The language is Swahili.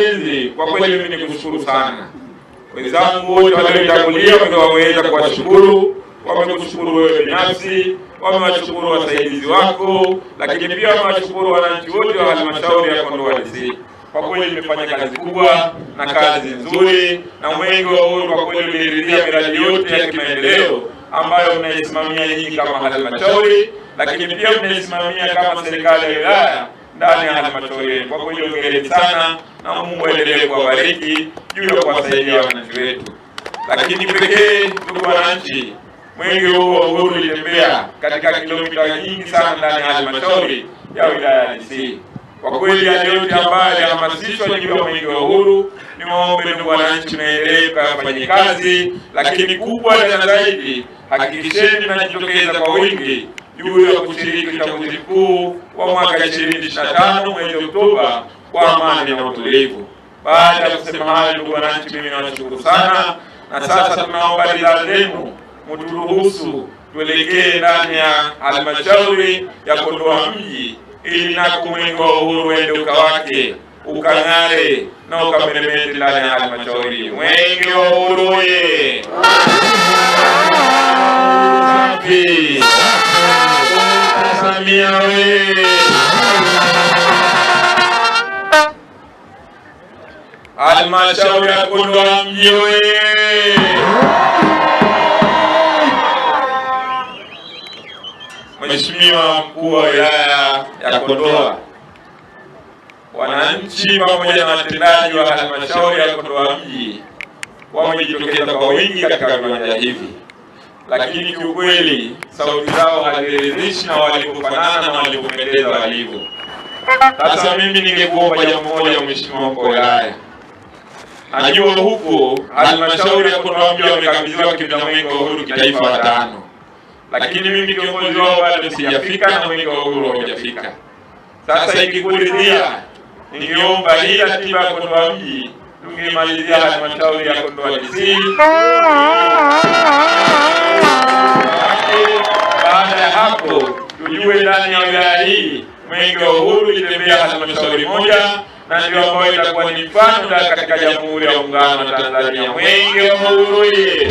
ulinzi, kwa kweli mimi nikushukuru sana wenzangu wote walionitangulia, wameweza kuwashukuru, wamekushukuru wewe binafsi, wamewashukuru wasaidizi wako, lakini pia wamewashukuru wananchi wote wa halmashauri ya Kondoa DC. Kwa kweli imefanya kazi kubwa na kazi nzuri, na mwenge wa uhuru kwa kweli uliridhia miradi yote ya kimaendeleo ambayo mnaisimamia nyinyi kama halmashauri, lakini pia mnaisimamia kama serikali ya wilaya ndani ya halmashauri yetu. Kwa hiyo hongereni sana na Mungu aendelee kuwabariki juu ya kuwasaidia wananchi wetu. Lakini pekee, ndugu wananchi, mwenge huu wa uhuru ulitembea katika kilomita nyingi sana ndani ya halmashauri ya wilaya ya Kisii. Kwa kweli yale ambayo yalihamasishwa juu ya mwenge wa uhuru, ni waombe ndugu wananchi, mnaendelee kufanya kazi, lakini kubwa na zaidi, hakikisheni mnajitokeza kwa wingi juu ya kushiriki uchaguzi mkuu wa mwaka 2025 mwezi Oktoba kwa amani na utulivu. Baada ya kusema hayo, ndugu wananchi, mimi nawashukuru sana, na sasa tunaomba ridhaa zenu mturuhusu tuelekee ndani ya halmashauri ya Kondoa mji ili nako mwenge wa uhuru uende ukawake ukang'are na ukameremete ndani ya halmashauri. Mwenge wa Uhuru ye Kenya Halmashauri ya Kondoa mji we. Mheshimiwa mkuu wa wilaya ya Kondoa, wananchi pamoja na watendaji wa halmashauri ya Kondoa mji wamejitokeza kwa wingi katika viwanja hivi lakini kiukweli sauti zao haziridhishi na walivyofanana na walivyopendeza walivyo. Sasa mimi ningekuomba jambo moja, mheshimiwa mkuu wa wilaya, najua huko halmashauri ya Kondoa mji wamekabidhiwa kipinda mwenge wa uhuru kitaifa watano, lakini mimi kiongozi wao bado sijafika na mwenge wa uhuru haujafika. Sasa ikikuridhia, ningeomba hii ratiba ya Kondoa mji tungemalizia halmashauri ya Kondoa DC hapo tujue ndani ya wilaya hii mwenge wa uhuru ilitembea halmashauri moja, na ndio ambayo itakuwa ni mfano katika Jamhuri ya Muungano wa Tanzania. Mwenge wa Uhuru!